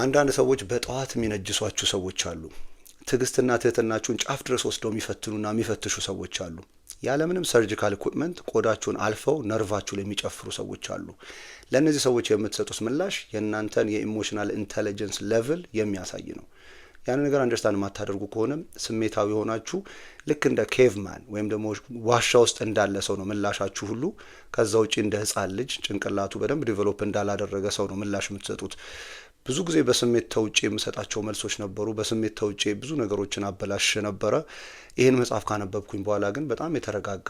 አንዳንድ ሰዎች በጠዋት የሚነጅሷችሁ ሰዎች አሉ። ትዕግስትና ትህትናችሁን ጫፍ ድረስ ወስደው የሚፈትኑና የሚፈትሹ ሰዎች አሉ። ያለምንም ሰርጂካል ኢኩፕመንት ቆዳችሁን አልፈው ነርቫችሁ ላይ የሚጨፍሩ ሰዎች አሉ። ለእነዚህ ሰዎች የምትሰጡት ምላሽ የእናንተን የኢሞሽናል ኢንቴሊጀንስ ሌቭል የሚያሳይ ነው። ያን ነገር አንደርስታንድ የማታደርጉ ከሆነም ስሜታዊ የሆናችሁ ልክ እንደ ኬቭማን ወይም ደግሞ ዋሻ ውስጥ እንዳለ ሰው ነው ምላሻችሁ ሁሉ። ከዛ ውጭ እንደ ህፃን ልጅ ጭንቅላቱ በደንብ ዲቨሎፕ እንዳላደረገ ሰው ነው ምላሽ የምትሰጡት። ብዙ ጊዜ በስሜት ተውጬ የምሰጣቸው መልሶች ነበሩ። በስሜት ተውጬ ብዙ ነገሮችን አበላሽ ነበረ። ይህን መጽሐፍ ካነበብኩኝ በኋላ ግን በጣም የተረጋጋ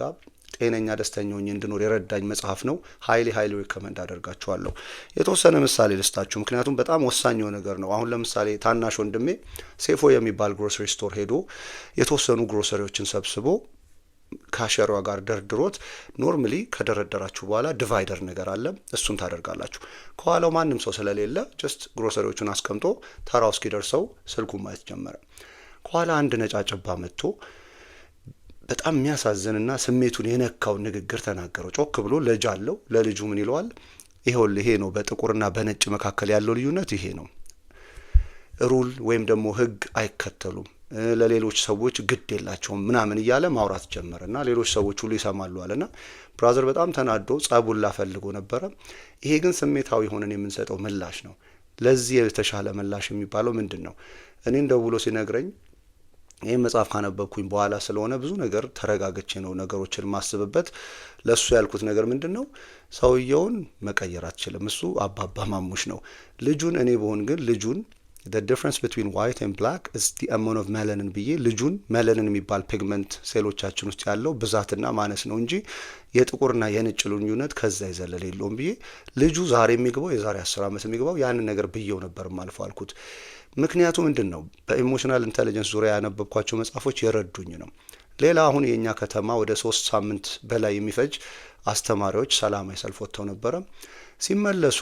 ጤነኛ ደስተኛ ሆኜ እንድኖር የረዳኝ መጽሐፍ ነው። ሀይሊ ሀይሊ ሪከመንድ አደርጋችኋለሁ። የተወሰነ ምሳሌ ልስጣችሁ፣ ምክንያቱም በጣም ወሳኝ ነገር ነው። አሁን ለምሳሌ ታናሽ ወንድሜ ሴፎ የሚባል ግሮሰሪ ስቶር ሄዶ የተወሰኑ ግሮሰሪዎችን ሰብስቦ ካሸሯ ጋር ደርድሮት ኖርምሊ ከደረደራችሁ በኋላ ዲቫይደር ነገር አለ። እሱን ታደርጋላችሁ። ከኋላው ማንም ሰው ስለሌለ ጀስት ግሮሰሪዎቹን አስቀምጦ ተራው እስኪደርሰው ስልኩን ማየት ጀመረ። ከኋላ አንድ ነጫጭባ መጥቶ በጣም የሚያሳዝንና ስሜቱን የነካው ንግግር ተናገረው። ጮክ ብሎ ልጅ አለው። ለልጁ ምን ይለዋል? ይኸውልህ ይሄ ነው በጥቁርና በነጭ መካከል ያለው ልዩነት ይሄ ነው። ሩል ወይም ደግሞ ህግ አይከተሉም። ለሌሎች ሰዎች ግድ የላቸውም ምናምን እያለ ማውራት ጀመረ እና ሌሎች ሰዎች ሁሉ ይሰማሉ አለና ብራዘር በጣም ተናዶ ጸቡን ላፈልጎ ነበረ። ይሄ ግን ስሜታዊ ሆነን የምንሰጠው ምላሽ ነው። ለዚህ የተሻለ ምላሽ የሚባለው ምንድን ነው? እኔን ደውሎ ሲነግረኝ ይህ መጽሐፍ ካነበብኩኝ በኋላ ስለሆነ ብዙ ነገር ተረጋግቼ ነው ነገሮችን ማስብበት። ለእሱ ያልኩት ነገር ምንድን ነው? ሰውየውን መቀየር አትችልም። እሱ አባባ ማሙሽ ነው። ልጁን እኔ በሆን ግን ልጁን the difference between white and black is the amount of melanin ብዬ ልጁን መለንን የሚባል ፒግመንት ሴሎቻችን ውስጥ ያለው ብዛትና ማነስ ነው እንጂ የጥቁርና የነጭ ልዩነት ከዛ የዘለለ የለውም ብዬ ልጁ ዛሬ የሚግባው የዛሬ አስር ዓመት የሚግባው ያንን ነገር ብየው ነበር ማልፎ አልኩት። ምክንያቱ ምንድን ነው? በኢሞሽናል ኢንቴሊጀንስ ዙሪያ ያነበብኳቸው መጽሐፎች የረዱኝ ነው። ሌላ አሁን የእኛ ከተማ ወደ ሶስት ሳምንት በላይ የሚፈጅ አስተማሪዎች ሰላማዊ ሰልፍ ወጥተው ነበረ ሲመለሱ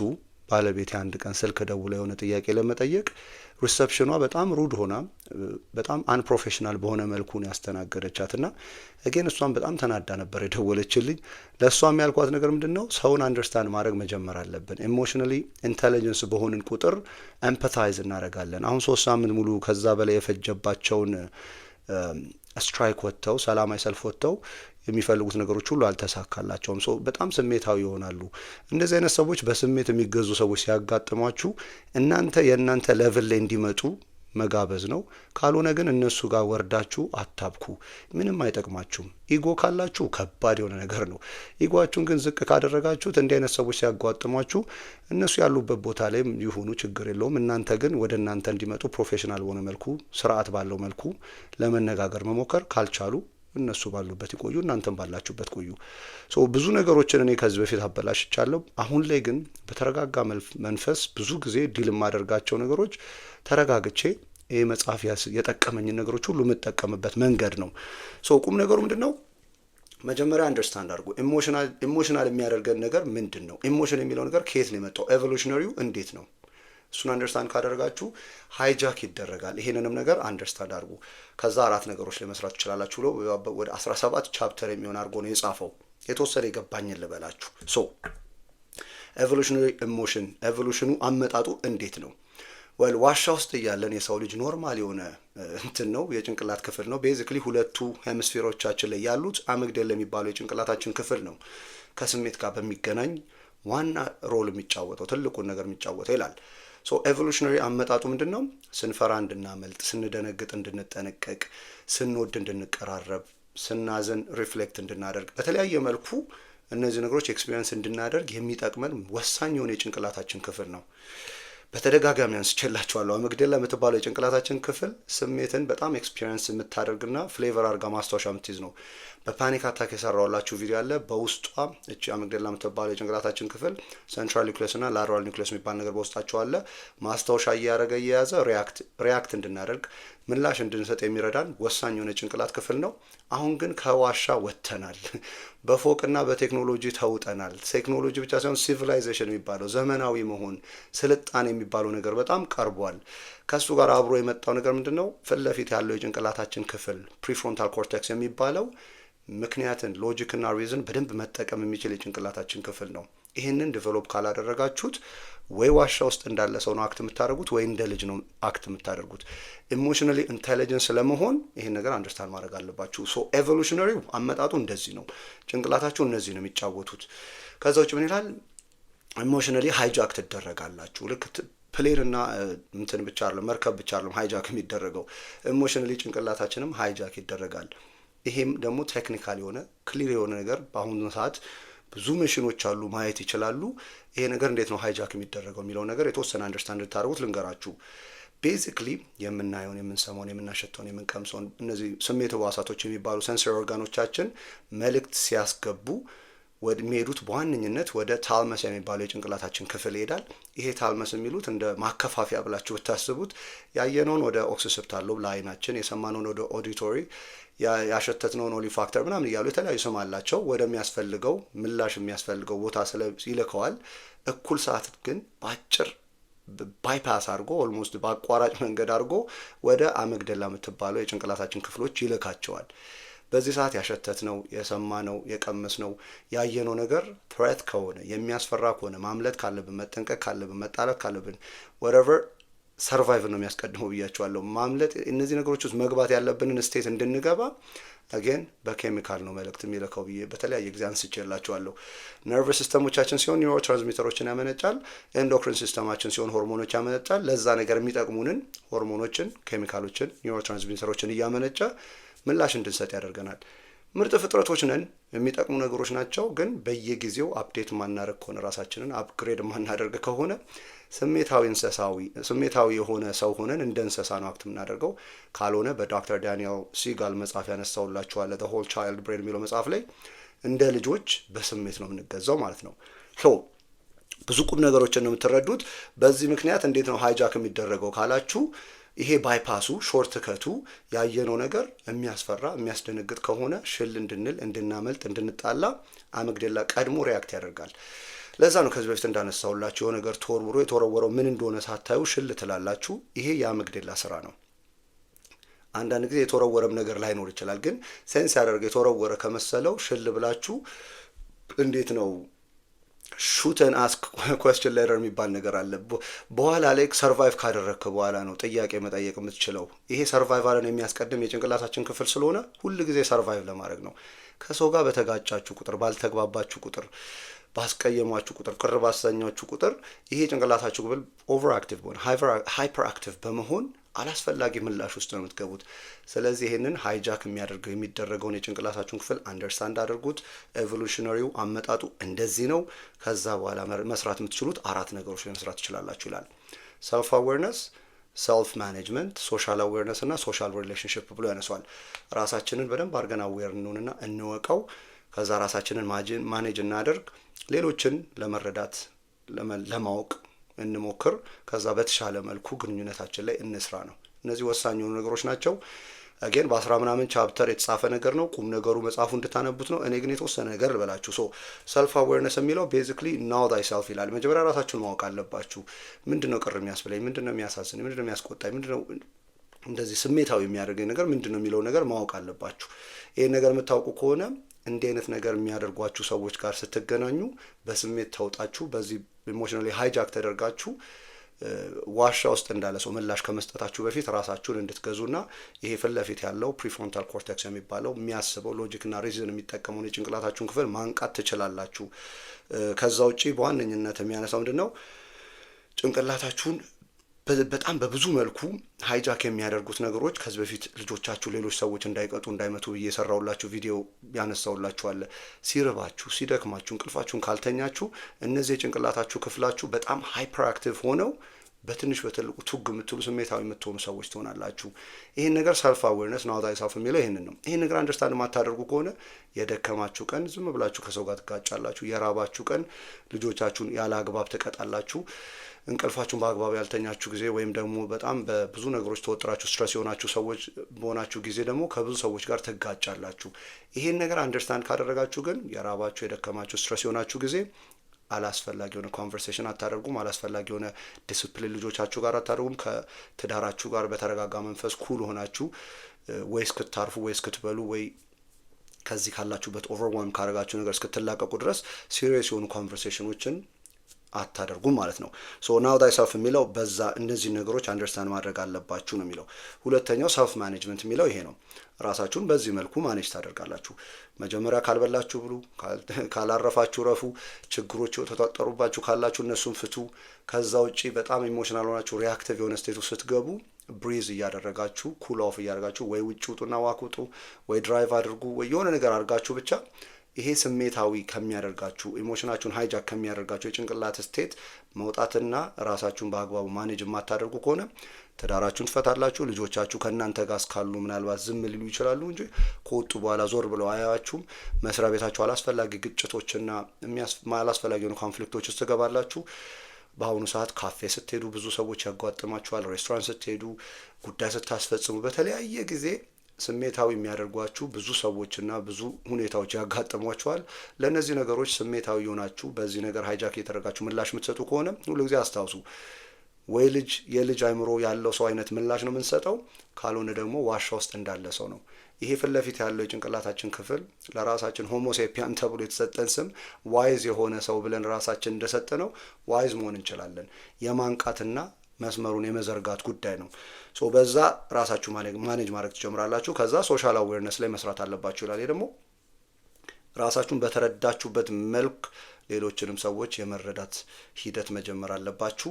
ባለቤት አንድ ቀን ስልክ ደውላ የሆነ ጥያቄ ለመጠየቅ ሪሰፕሽኗ በጣም ሩድ ሆና በጣም አንፕሮፌሽናል በሆነ መልኩ ነው ያስተናገደቻት። ና እጌን እሷን በጣም ተናዳ ነበር የደወለችልኝ። ለእሷም ያልኳት ነገር ምንድን ነው ሰውን አንደርስታንድ ማድረግ መጀመር አለብን። ኢሞሽናሊ ኢንቴሊጀንስ በሆንን ቁጥር ኤምፓታይዝ እናደርጋለን። አሁን ሶስት ሳምንት ሙሉ ከዛ በላይ የፈጀባቸውን ስትራይክ ወጥተው ሰላማዊ ሰልፍ ወጥተው የሚፈልጉት ነገሮች ሁሉ አልተሳካላቸውም። ሰው በጣም ስሜታዊ ይሆናሉ። እንደዚህ አይነት ሰዎች በስሜት የሚገዙ ሰዎች ሲያጋጥሟችሁ እናንተ የእናንተ ሌቭል ላይ እንዲመጡ መጋበዝ ነው። ካልሆነ ግን እነሱ ጋር ወርዳችሁ አታብኩ፣ ምንም አይጠቅማችሁም። ኢጎ ካላችሁ ከባድ የሆነ ነገር ነው። ኢጓችሁን ግን ዝቅ ካደረጋችሁት እንዲህ አይነት ሰዎች ሲያጓጥሟችሁ እነሱ ያሉበት ቦታ ላይም ይሁኑ ችግር የለውም። እናንተ ግን ወደ እናንተ እንዲመጡ ፕሮፌሽናል በሆነ መልኩ፣ ስርዓት ባለው መልኩ ለመነጋገር መሞከር ካልቻሉ እነሱ ባሉበት ይቆዩ፣ እናንተም ባላችሁበት ቆዩ። ብዙ ነገሮችን እኔ ከዚህ በፊት አበላሽቻለሁ። አሁን ላይ ግን በተረጋጋ መንፈስ ብዙ ጊዜ ዲል የማደርጋቸው ነገሮች ተረጋግቼ ይህ መጽሐፍ የጠቀመኝን ነገሮች ሁሉ የምጠቀምበት መንገድ ነው። ቁም ነገሩ ምንድን ነው? መጀመሪያ አንደርስታንድ አድርጎ ኢሞሽናል የሚያደርገን ነገር ምንድን ነው? ኢሞሽን የሚለው ነገር ከየት ነው የመጣው? ኤቮሉሽነሪው እንዴት ነው እሱን አንደርስታንድ ካደረጋችሁ ሃይጃክ ይደረጋል። ይሄንንም ነገር አንደርስታንድ አድርጉ። ከዛ አራት ነገሮች ለመስራት ትችላላችሁ ብሎ ወደ 17 ቻፕተር የሚሆን አድርጎ ነው የጻፈው። የተወሰነ የገባኝን ልበላችሁ። ሶ ኤቮሉሽናሪ ኢሞሽን ኤቮሉሽኑ አመጣጡ እንዴት ነው? ወል ዋሻ ውስጥ እያለን የሰው ልጅ ኖርማል የሆነ እንትን ነው የጭንቅላት ክፍል ነው። ቤዚክሊ ሁለቱ ሄምስፌሮቻችን ላይ ያሉት አምግደል የሚባለው የጭንቅላታችን ክፍል ነው ከስሜት ጋር በሚገናኝ ዋና ሮል የሚጫወተው ትልቁን ነገር የሚጫወተው ይላል። ሶ ኤቮሉሽነሪ አመጣጡ ምንድን ነው? ስንፈራ እንድናመልጥ፣ ስንደነግጥ እንድንጠነቀቅ፣ ስንወድ እንድንቀራረብ፣ ስናዘን ሪፍሌክት እንድናደርግ፣ በተለያየ መልኩ እነዚህ ነገሮች ኤክስፔሪንስ እንድናደርግ የሚጠቅመን ወሳኝ የሆነ የጭንቅላታችን ክፍል ነው። በተደጋጋሚ አንስቼላችኋለሁ። አሚግዳላ የምትባለው የጭንቅላታችን ክፍል ስሜትን በጣም ኤክስፒሪየንስ የምታደርግና ፍሌቨር አድርጋ ማስታወሻ የምትይዝ ነው። በፓኒክ አታክ የሰራውላችሁ ቪዲዮ አለ። በውስጧ እቺ አሚግዳላ የምትባለው የጭንቅላታችን ክፍል ሴንትራል ኒውክሌስና ላተራል ኒውክሌስ የሚባል ነገር በውስጣቸው አለ። ማስታወሻ እያደረገ እየያዘ ሪያክት እንድናደርግ ምላሽ እንድንሰጥ የሚረዳን ወሳኝ የሆነ ጭንቅላት ክፍል ነው። አሁን ግን ከዋሻ ወጥተናል። በፎቅና በቴክኖሎጂ ተውጠናል። ቴክኖሎጂ ብቻ ሳይሆን ሲቪላይዜሽን የሚባለው ዘመናዊ መሆን፣ ስልጣን የሚባለው ነገር በጣም ቀርቧል። ከእሱ ጋር አብሮ የመጣው ነገር ምንድን ነው? ፊት ለፊት ያለው የጭንቅላታችን ክፍል ፕሪፍሮንታል ኮርቴክስ የሚባለው ምክንያትን ሎጂክና ሪዝን በደንብ መጠቀም የሚችል የጭንቅላታችን ክፍል ነው። ይህንን ዲቨሎፕ ካላደረጋችሁት ወይ ዋሻ ውስጥ እንዳለ ሰው ነው አክት የምታደርጉት፣ ወይ እንደ ልጅ ነው አክት የምታደርጉት። ኢሞሽናሊ ኢንቴሊጀንስ ለመሆን ይህን ነገር አንደርስታንድ ማድረግ አለባችሁ። ሶ ኤቮሉሽነሪው አመጣጡ እንደዚህ ነው። ጭንቅላታችሁ እነዚህ ነው የሚጫወቱት። ከዛ ውጭ ምን ይላል? ኢሞሽናሊ ሃይጃክ ትደረጋላችሁ። ልክ ፕሌን እና እንትን ብቻ አለ መርከብ ብቻ አለ ሃይጃክ የሚደረገው ኢሞሽናሊ ጭንቅላታችንም ሃይጃክ ይደረጋል። ይሄም ደግሞ ቴክኒካል የሆነ ክሊር የሆነ ነገር በአሁኑ ሰዓት ብዙ መሽኖች አሉ፣ ማየት ይችላሉ። ይሄ ነገር እንዴት ነው ሃይጃክ የሚደረገው የሚለው ነገር የተወሰነ አንደርስታንድ ልታደርጉት ልንገራችሁ። ቤዚክሊ የምናየውን፣ የምንሰማውን፣ የምናሸተውን፣ የምንቀምሰውን እነዚህ ስሜት ህዋሳቶች የሚባሉ ሰንሰሪ ኦርጋኖቻችን መልእክት ሲያስገቡ የሚሄዱት በዋነኝነት ወደ ታልመስ የሚባለው የጭንቅላታችን ክፍል ይሄዳል። ይሄ ታልመስ የሚሉት እንደ ማከፋፊያ ብላችሁ ብታስቡት ያየነውን ወደ ኦክሲሰፕታል ሎብ ለአይናችን፣ የሰማነውን ወደ ኦዲቶሪ ያሸተትነውን ኦሊ ፋክተር ምናምን እያሉ የተለያዩ ስም አላቸው። ወደሚያስፈልገው ምላሽ የሚያስፈልገው ቦታ ይልከዋል። እኩል ሰዓት ግን በአጭር ባይፓስ አድርጎ ኦልሞስት በአቋራጭ መንገድ አድርጎ ወደ አመግደላ የምትባለው የጭንቅላታችን ክፍሎች ይልካቸዋል። በዚህ ሰዓት ያሸተት ነው የሰማነው፣ ነው ያየነው ነገር ትሬት ከሆነ የሚያስፈራ ከሆነ ማምለት ካለብን፣ መጠንቀቅ ካለብን፣ መጣላት ካለብን ወረቨር ሰርቫይቭ ነው የሚያስቀድመው ብያቸዋለሁ። ማምለጥ እነዚህ ነገሮች ውስጥ መግባት ያለብንን ስቴት እንድንገባ አገን በኬሚካል ነው መልእክት የሚልከው ብዬ በተለያየ ጊዜ አንስቼላቸዋለሁ። ነርቭስ ሲስተሞቻችን ሲሆን ኒውሮ ትራንስሚተሮችን ያመነጫል። ኤንዶክሪን ሲስተማችን ሲሆን ሆርሞኖች ያመነጫል። ለዛ ነገር የሚጠቅሙንን ሆርሞኖችን፣ ኬሚካሎችን፣ ኒውሮ ትራንስሚተሮችን እያመነጨ ምላሽ እንድንሰጥ ያደርገናል። ምርጥ ፍጥረቶች ነን። የሚጠቅሙ ነገሮች ናቸው። ግን በየጊዜው አፕዴት ማናደርግ ከሆነ ራሳችንን አፕግሬድ ማናደርግ ከሆነ ስሜታዊ እንስሳዊ ስሜታዊ የሆነ ሰው ሆነን እንደ እንስሳ ነው አክት የምናደርገው። ካልሆነ በዶክተር ዳንኤል ሲጋል መጽሐፍ ያነሳውላቸዋለ ዘ ሆል ቻይልድ ብሬን የሚለው መጽሐፍ ላይ እንደ ልጆች በስሜት ነው የምንገዛው ማለት ነው። ብዙ ቁም ነገሮችን ነው የምትረዱት። በዚህ ምክንያት እንዴት ነው ሃይጃክ የሚደረገው ካላችሁ ይሄ ባይፓሱ ሾርት ከቱ ያየነው ነገር የሚያስፈራ የሚያስደነግጥ ከሆነ ሽል እንድንል እንድናመልጥ እንድንጣላ አመግደላ ቀድሞ ሪያክት ያደርጋል። ለዛ ነው ከዚህ በፊት እንዳነሳሁላችሁ የሆነ ነገር ተወርውሮ የተወረወረው ምን እንደሆነ ሳታዩ ሽል ትላላችሁ። ይሄ የአመግደላ ስራ ነው። አንዳንድ ጊዜ የተወረወረም ነገር ላይኖር ይችላል፣ ግን ሴንስ ያደርገ የተወረወረ ከመሰለው ሽል ብላችሁ እንዴት ነው ሹተን አስክ ኮስችን ሌተር የሚባል ነገር አለ። በኋላ ላይ ሰርቫይቭ ካደረግክ በኋላ ነው ጥያቄ መጠየቅ የምትችለው። ይሄ ሰርቫይቫልን የሚያስቀድም የጭንቅላታችን ክፍል ስለሆነ ሁል ጊዜ ሰርቫይቭ ለማድረግ ነው። ከሰው ጋር በተጋጫችሁ ቁጥር፣ ባልተግባባችሁ ቁጥር፣ ባስቀየሟችሁ ቁጥር፣ ቅር ባሰኛችሁ ቁጥር ይሄ ጭንቅላታችሁ ክፍል ኦቨር አክቲቭ በሆነ ሃይፐር አክቲቭ በመሆን አላስፈላጊ ምላሽ ውስጥ ነው የምትገቡት። ስለዚህ ይህንን ሃይጃክ የሚያደርገው የሚደረገውን የጭንቅላታችሁን ክፍል አንደርስታንድ አድርጉት። ኤቮሉሽነሪው አመጣጡ እንደዚህ ነው። ከዛ በኋላ መስራት የምትችሉት አራት ነገሮች ላይ መስራት ትችላላችሁ ይላል። ሰልፍ አዌርነስ፣ ሰልፍ ማኔጅመንት፣ ሶሻል አዌርነስ እና ሶሻል ሪሌሽንሽፕ ብሎ ያነሷል። ራሳችንን በደንብ አድርገን አዌር እንሆንና እንወቀው። ከዛ ራሳችንን ማኔጅ እናደርግ፣ ሌሎችን ለመረዳት ለማወቅ እንሞክር፣ ከዛ በተሻለ መልኩ ግንኙነታችን ላይ እንስራ ነው። እነዚህ ወሳኝ የሆኑ ነገሮች ናቸው። አገን በአስራ ምናምን ቻፕተር የተጻፈ ነገር ነው። ቁም ነገሩ መጽሐፉ እንድታነቡት ነው። እኔ ግን የተወሰነ ነገር ልበላችሁ። ሶ ሰልፍ አዌርነስ የሚለው ቤዚክሊ ናው ታይ ሰልፍ ይላል። መጀመሪያ ራሳችሁን ማወቅ አለባችሁ። ምንድን ነው ቅር የሚያስብለኝ? ምንድን ነው የሚያሳዝን? ምንድን ነው የሚያስቆጣኝ? ምንድን ነው እንደዚህ ስሜታዊ የሚያደርገኝ ነገር ምንድን ነው የሚለው ነገር ማወቅ አለባችሁ። ይህን ነገር የምታውቁ ከሆነ እንዲህ አይነት ነገር የሚያደርጓችሁ ሰዎች ጋር ስትገናኙ በስሜት ተውጣችሁ በዚህ ኢሞሽናሊ ሃይጃክ ተደርጋችሁ ዋሻ ውስጥ እንዳለ ሰው ምላሽ ከመስጠታችሁ በፊት ራሳችሁን እንድትገዙና ይሄ ፊት ለፊት ያለው ፕሪፍሮንታል ኮርቴክስ የሚባለው የሚያስበው ሎጂክና ሪዝን የሚጠቀመውን የጭንቅላታችሁን ክፍል ማንቃት ትችላላችሁ። ከዛ ውጪ በዋነኝነት የሚያነሳው ምንድን ነው ጭንቅላታችሁን በጣም በብዙ መልኩ ሃይጃክ የሚያደርጉት ነገሮች ከዚህ በፊት ልጆቻችሁ ሌሎች ሰዎች እንዳይቀጡ እንዳይመቱ ብዬ የሰራውላችሁ ቪዲዮ ያነሳውላችኋለ። ሲርባችሁ፣ ሲደክማችሁ፣ እንቅልፋችሁን ካልተኛችሁ እነዚህ የጭንቅላታችሁ ክፍላችሁ በጣም ሃይፐር አክቲቭ ሆነው በትንሽ በትልቁ ቱግ የምትሉ ስሜታዊ የምትሆኑ ሰዎች ትሆናላችሁ። ይህን ነገር ሰልፍ አዌርነስ ናውታይ ሳፍ የሚለው ይህንን ነው። ይህን ነገር አንደርስታንድ የማታደርጉ ከሆነ የደከማችሁ ቀን ዝም ብላችሁ ከሰው ጋር ትጋጫላችሁ። የራባችሁ ቀን ልጆቻችሁን ያለ አግባብ ትቀጣላችሁ። እንቅልፋችሁን በአግባቡ ያልተኛችሁ ጊዜ ወይም ደግሞ በጣም በብዙ ነገሮች ተወጥራችሁ ስትረስ የሆናችሁ ሰዎች በሆናችሁ ጊዜ ደግሞ ከብዙ ሰዎች ጋር ትጋጫላችሁ። ይሄን ነገር አንደርስታንድ ካደረጋችሁ ግን የራባችሁ የደከማችሁ ስትረስ የሆናችሁ ጊዜ አላስፈላጊ የሆነ ኮንቨርሴሽን አታደርጉም። አላስፈላጊ የሆነ ዲስፕሊን ልጆቻችሁ ጋር አታደርጉም። ከትዳራችሁ ጋር በተረጋጋ መንፈስ ኩል ሆናችሁ ወይ እስክታርፉ ወይ እስክትበሉ ወይ ከዚህ ካላችሁበት ኦቨርዋልም ካረጋችሁ ነገር እስክትላቀቁ ድረስ ሲሪየስ የሆኑ ኮንቨርሴሽኖችን አታደርጉም ማለት ነው። ሶ ናው ዳይ ሰልፍ የሚለው በዛ እነዚህ ነገሮች አንደርስታንድ ማድረግ አለባችሁ ነው የሚለው። ሁለተኛው ሰልፍ ማኔጅመንት የሚለው ይሄ ነው። ራሳችሁን በዚህ መልኩ ማኔጅ ታደርጋላችሁ። መጀመሪያ ካልበላችሁ ብሉ፣ ካላረፋችሁ ረፉ፣ ችግሮች ተጧጠሩባችሁ ካላችሁ እነሱን ፍቱ። ከዛ ውጪ በጣም ኢሞሽናል ሆናችሁ ሪያክቲቭ የሆነ ስቴቱ ስትገቡ ብሪዝ እያደረጋችሁ ኩል ኦፍ እያደረጋችሁ ወይ ውጭ ውጡና ዋክ ውጡ፣ ወይ ድራይቭ አድርጉ፣ ወይ የሆነ ነገር አድርጋችሁ ብቻ ይሄ ስሜታዊ ከሚያደርጋችሁ ኢሞሽናችሁን ሀይጃክ ከሚያደርጋችሁ የጭንቅላት ስቴት መውጣትና ራሳችሁን በአግባቡ ማኔጅ የማታደርጉ ከሆነ ትዳራችሁን ትፈታላችሁ። ልጆቻችሁ ከእናንተ ጋር እስካሉ ምናልባት ዝም ሊሉ ይችላሉ እንጂ ከወጡ በኋላ ዞር ብለው አያያችሁም። መስሪያ ቤታችሁ አላስፈላጊ ግጭቶችና አላስፈላጊ የሆኑ ኮንፍሊክቶች ውስጥ ትገባላችሁ። በአሁኑ ሰዓት ካፌ ስትሄዱ ብዙ ሰዎች ያጓጥማችኋል። ሬስቶራንት ስትሄዱ፣ ጉዳይ ስታስፈጽሙ በተለያየ ጊዜ ስሜታዊ የሚያደርጓችሁ ብዙ ሰዎችና ብዙ ሁኔታዎች ያጋጥሟችኋል። ለእነዚህ ነገሮች ስሜታዊ የሆናችሁ በዚህ ነገር ሀይጃክ የተደረጋችሁ ምላሽ የምትሰጡ ከሆነ ሁሉ ጊዜ አስታውሱ፣ ወይ ልጅ የልጅ አይምሮ ያለው ሰው አይነት ምላሽ ነው የምንሰጠው፣ ካልሆነ ደግሞ ዋሻ ውስጥ እንዳለ ሰው ነው። ይሄ ፊት ለፊት ያለው የጭንቅላታችን ክፍል ለራሳችን ሆሞሴፒያን ተብሎ የተሰጠን ስም ዋይዝ የሆነ ሰው ብለን ራሳችን እንደሰጠ ነው ዋይዝ መሆን እንችላለን የማንቃትና መስመሩን የመዘርጋት ጉዳይ ነው። ሶ በዛ ራሳችሁ ማኔጅ ማድረግ ትጀምራላችሁ። ከዛ ሶሻል አዌርነስ ላይ መስራት አለባችሁ ይላል። ደግሞ ራሳችሁን በተረዳችሁበት መልክ ሌሎችንም ሰዎች የመረዳት ሂደት መጀመር አለባችሁ።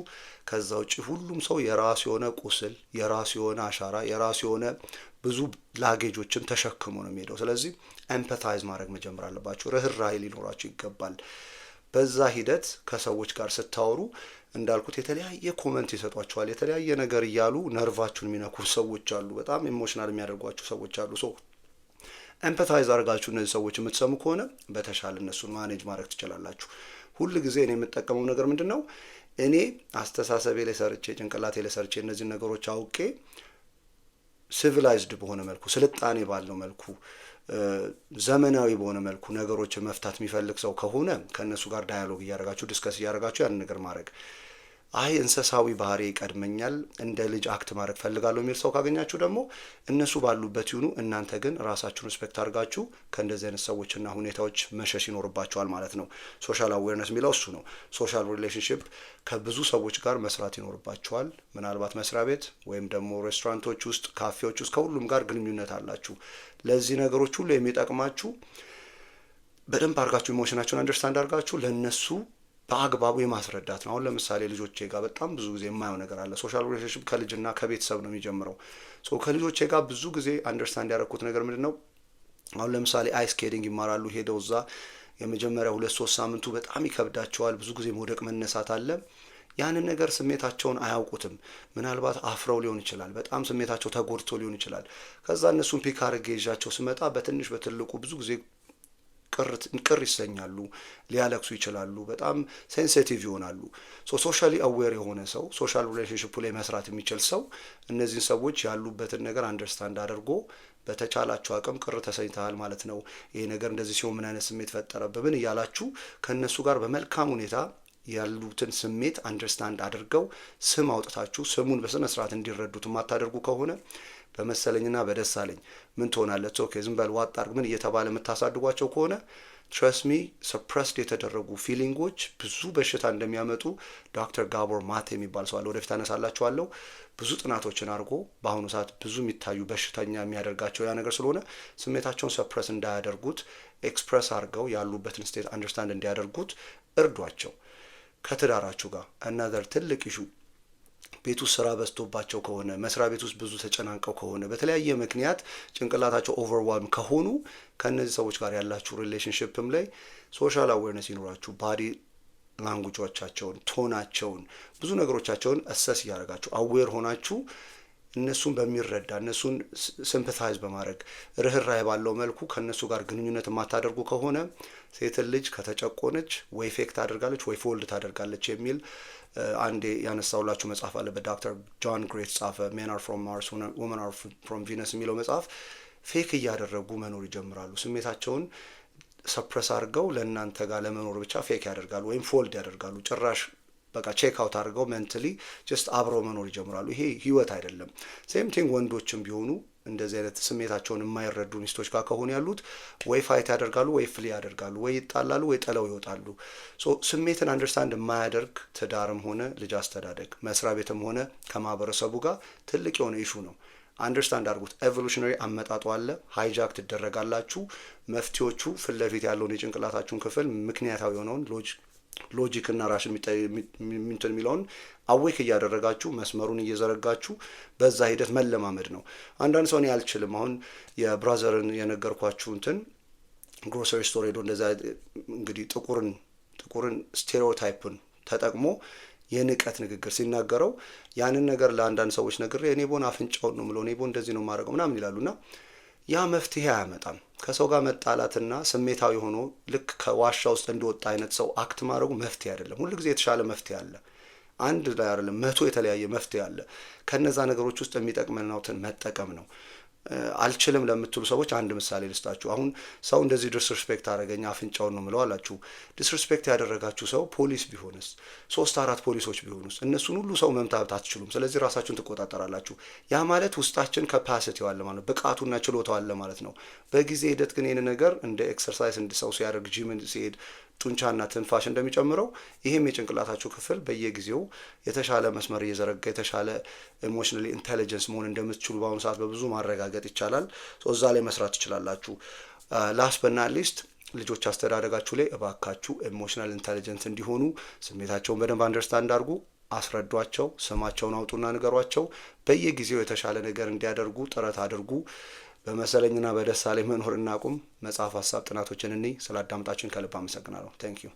ከዛ ውጭ ሁሉም ሰው የራሱ የሆነ ቁስል፣ የራሱ የሆነ አሻራ፣ የራሱ የሆነ ብዙ ላጌጆችን ተሸክሞ ነው የሚሄደው። ስለዚህ ኤምፐታይዝ ማድረግ መጀመር አለባችሁ። ርኅራኄ ሊኖራችሁ ይገባል። በዛ ሂደት ከሰዎች ጋር ስታወሩ እንዳልኩት የተለያየ ኮመንት ይሰጧቸዋል። የተለያየ ነገር እያሉ ነርቫችሁን የሚነኩ ሰዎች አሉ። በጣም ኢሞሽናል የሚያደርጓቸው ሰዎች አሉ። ሶ ኤምፐታይዝ አድርጋችሁ እነዚህ ሰዎች የምትሰሙ ከሆነ በተሻለ እነሱን ማኔጅ ማድረግ ትችላላችሁ። ሁል ጊዜ እኔ የምጠቀመው ነገር ምንድን ነው? እኔ አስተሳሰቤ ላይ ሰርቼ ጭንቅላቴ ላይ ሰርቼ እነዚህን ነገሮች አውቄ ሲቪላይዝድ በሆነ መልኩ ስልጣኔ ባለው መልኩ ዘመናዊ በሆነ መልኩ ነገሮችን መፍታት የሚፈልግ ሰው ከሆነ ከእነሱ ጋር ዳያሎግ እያደረጋችሁ ዲስከስ እያደረጋችሁ ያን ነገር ማድረግ አይ እንስሳዊ ባህሪ ይቀድመኛል፣ እንደ ልጅ አክት ማድረግ ፈልጋለሁ የሚል ሰው ካገኛችሁ ደግሞ እነሱ ባሉበት ይሁኑ። እናንተ ግን ራሳችሁን ሪስፔክት አድርጋችሁ ከእንደዚህ አይነት ሰዎችና ሁኔታዎች መሸሽ ይኖርባቸዋል ማለት ነው። ሶሻል አዌርነስ የሚለው እሱ ነው። ሶሻል ሪሌሽንሽፕ ከብዙ ሰዎች ጋር መስራት ይኖርባቸዋል ምናልባት መስሪያ ቤት ወይም ደግሞ ሬስቶራንቶች ውስጥ፣ ካፌዎች ውስጥ ከሁሉም ጋር ግንኙነት አላችሁ። ለዚህ ነገሮች ሁሉ የሚጠቅማችሁ በደንብ አድርጋችሁ ኢሞሽናችሁን አንደርስታንድ አድርጋችሁ ለእነሱ በአግባቡ የማስረዳት ነው። አሁን ለምሳሌ ልጆቼ ጋር በጣም ብዙ ጊዜ የማየው ነገር አለ። ሶሻል ሪሌሽንሽፕ ከልጅና ከቤተሰብ ነው የሚጀምረው። ከልጆቼ ጋር ብዙ ጊዜ አንደርስታንድ ያደረግኩት ነገር ምንድን ነው? አሁን ለምሳሌ አይስ ይማራሉ። ሄደው እዛ የመጀመሪያ ሁለት ሶስት ሳምንቱ በጣም ይከብዳቸዋል። ብዙ ጊዜ መውደቅ መነሳት አለ። ያንን ነገር ስሜታቸውን አያውቁትም። ምናልባት አፍረው ሊሆን ይችላል። በጣም ስሜታቸው ተጎድቶ ሊሆን ይችላል። ከዛ እነሱን ፒክ አርጌዣቸው ስመጣ በትንሽ በትልቁ ብዙ ጊዜ ቅር ይሰኛሉ፣ ሊያለቅሱ ይችላሉ፣ በጣም ሴንሲቲቭ ይሆናሉ። ሶሻሊ አዌር የሆነ ሰው ሶሻል ሪሌሽንሽፕ ላይ መስራት የሚችል ሰው እነዚህን ሰዎች ያሉበትን ነገር አንደርስታንድ አድርጎ በተቻላችሁ አቅም ቅር ተሰኝተሃል ማለት ነው፣ ይሄ ነገር እንደዚህ ሲሆን ምን አይነት ስሜት ፈጠረ? በምን እያላችሁ ከእነሱ ጋር በመልካም ሁኔታ ያሉትን ስሜት አንደርስታንድ አድርገው ስም አውጥታችሁ ስሙን በስነ ስርዓት እንዲረዱት የማታደርጉ ከሆነ በመሰለኝና በደሳለኝ ምን ትሆናለች? ኦኬ ዝም በል ዋጣ አድርግ ምን እየተባለ የምታሳድጓቸው ከሆነ ትረስሚ ሰፕረስድ የተደረጉ ፊሊንጎች ብዙ በሽታ እንደሚያመጡ ዶክተር ጋቦር ማት የሚባል ሰው አለ። ወደፊት አነሳላችኋለሁ። ብዙ ጥናቶችን አድርጎ በአሁኑ ሰዓት ብዙ የሚታዩ በሽተኛ የሚያደርጋቸው ያ ነገር ስለሆነ ስሜታቸውን ሰፕረስ እንዳያደርጉት ኤክስፕረስ አድርገው ያሉበትን ስቴት አንደርስታንድ እንዲያደርጉት እርዷቸው። ከትዳራችሁ ጋር እናዘር ትልቅ ይሹ ቤት ውስጥ ስራ በዝቶባቸው ከሆነ መስሪያ ቤት ውስጥ ብዙ ተጨናንቀው ከሆነ በተለያየ ምክንያት ጭንቅላታቸው ኦቨርዋልም ከሆኑ ከእነዚህ ሰዎች ጋር ያላችሁ ሪሌሽንሽፕም ላይ ሶሻል አዌርነስ ይኖራችሁ ባዲ ላንጉጆቻቸውን ቶናቸውን፣ ብዙ ነገሮቻቸውን እሰስ እያደረጋችሁ አዌር ሆናችሁ እነሱን በሚረዳ እነሱን ሲምፐታይዝ በማድረግ ርኅራኄ ባለው መልኩ ከእነሱ ጋር ግንኙነት የማታደርጉ ከሆነ ሴትን ልጅ ከተጨቆነች ወይ ፌክት ታደርጋለች ወይ ፎልድ ታደርጋለች የሚል uh, አንድ ያነሳውላችሁ መጽሐፍ አለ። በዶክተር ጆን ግሬት ጻፈ። ሜን አር ፍሮም ማርስ ወመን አር ፍሮም ቪነስ የሚለው መጽሐፍ ፌክ እያደረጉ መኖር ይጀምራሉ። ስሜታቸውን ሰፕረስ አድርገው ለእናንተ ጋር ለመኖር ብቻ ፌክ ያደርጋሉ ወይም ፎልድ ያደርጋሉ። ጭራሽ በቃ ቼክ አውት አድርገው ሜንትሊ ጀስት አብረው መኖር ይጀምራሉ። ይሄ ህይወት አይደለም። ሴም ቲንግ ወንዶችም ቢሆኑ እንደዚህ አይነት ስሜታቸውን የማይረዱ ሚስቶች ጋር ከሆኑ ያሉት ወይ ፋይት ያደርጋሉ ወይ ፍሌ ያደርጋሉ ወይ ይጣላሉ ወይ ጥለው ይወጣሉ። ስሜትን አንደርስታንድ የማያደርግ ትዳርም ሆነ ልጅ አስተዳደግ መስሪያ ቤትም ሆነ ከማህበረሰቡ ጋር ትልቅ የሆነ ኢሹ ነው። አንደርስታንድ አድርጉት። ኤቮሉሽነሪ አመጣጡ አለ። ሃይጃክ ትደረጋላችሁ። መፍትሄዎቹ ፊት ለፊት ያለውን የጭንቅላታችሁን ክፍል ምክንያታዊ የሆነውን ሎጅ ሎጂክ እና ራሽን እንትን የሚለውን አዌክ እያደረጋችሁ መስመሩን እየዘረጋችሁ በዛ ሂደት መለማመድ ነው። አንዳንድ ሰው እኔ አልችልም አሁን የብራዘርን የነገርኳችሁ እንትን ግሮሰሪ ስቶር ሄዶ እንደዛ እንግዲህ ጥቁርን ጥቁርን ስቴሪዮታይፕን ተጠቅሞ የንቀት ንግግር ሲናገረው ያንን ነገር ለአንዳንድ ሰዎች ነግሬ እኔ ቦን አፍንጫውን ነው ምለው እኔ ቦን እንደዚህ ነው ማድረገው ምናምን ይላሉና ያ መፍትሄ አያመጣም። ከሰው ጋር መጣላትና ስሜታዊ ሆኖ ልክ ከዋሻ ውስጥ እንደወጣ አይነት ሰው አክት ማድረጉ መፍትሄ አይደለም። ጊዜ የተሻለ መፍትሄ አለ። አንድ ላይ አይደለም፣ መቶ የተለያየ መፍትሄ አለ። ከነዛ ነገሮች ውስጥ የሚጠቅመናውትን መጠቀም ነው። አልችልም ለምትሉ ሰዎች አንድ ምሳሌ ልስጣችሁ። አሁን ሰው እንደዚህ ዲስሪስፔክት አደረገኝ አፍንጫውን ነው ምለው አላችሁ። ዲስሪስፔክት ያደረጋችሁ ሰው ፖሊስ ቢሆንስ? ሶስት አራት ፖሊሶች ቢሆኑስ? እነሱን ሁሉ ሰው መምታት አትችሉም። ስለዚህ ራሳችሁን ትቆጣጠራላችሁ። ያ ማለት ውስጣችን ከፓሲቲ ዋለ ማለት ብቃቱና ችሎታው ማለት ነው። በጊዜ ሂደት ግን ይህን ነገር እንደ ኤክሰርሳይዝ እንዲሰው ሲያደርግ ጂምን ሲሄድ ጡንቻና ትንፋሽ እንደሚጨምረው ይህም የጭንቅላታችሁ ክፍል በየጊዜው የተሻለ መስመር እየዘረጋ የተሻለ ኢሞሽናል ኢንቴሊጀንስ መሆን እንደምትችሉ በአሁኑ ሰዓት በብዙ ማረጋገጥ ይቻላል። እዛ ላይ መስራት ትችላላችሁ። ላስት በና ሊስት ልጆች አስተዳደጋችሁ ላይ እባካችሁ ኢሞሽናል ኢንቴሊጀንስ እንዲሆኑ ስሜታቸውን በደንብ አንደርስታንድ አድርጉ። አስረዷቸው። ስማቸውን አውጡና ንገሯቸው። በየጊዜው የተሻለ ነገር እንዲያደርጉ ጥረት አድርጉ። በመሰለኝና በደስታ ላይ መኖር እናቁም። መጽሐፍ ሀሳብ ጥናቶችን እኔ ስላዳምጣችሁን ከልብ አመሰግናለሁ። ታንክ ዩ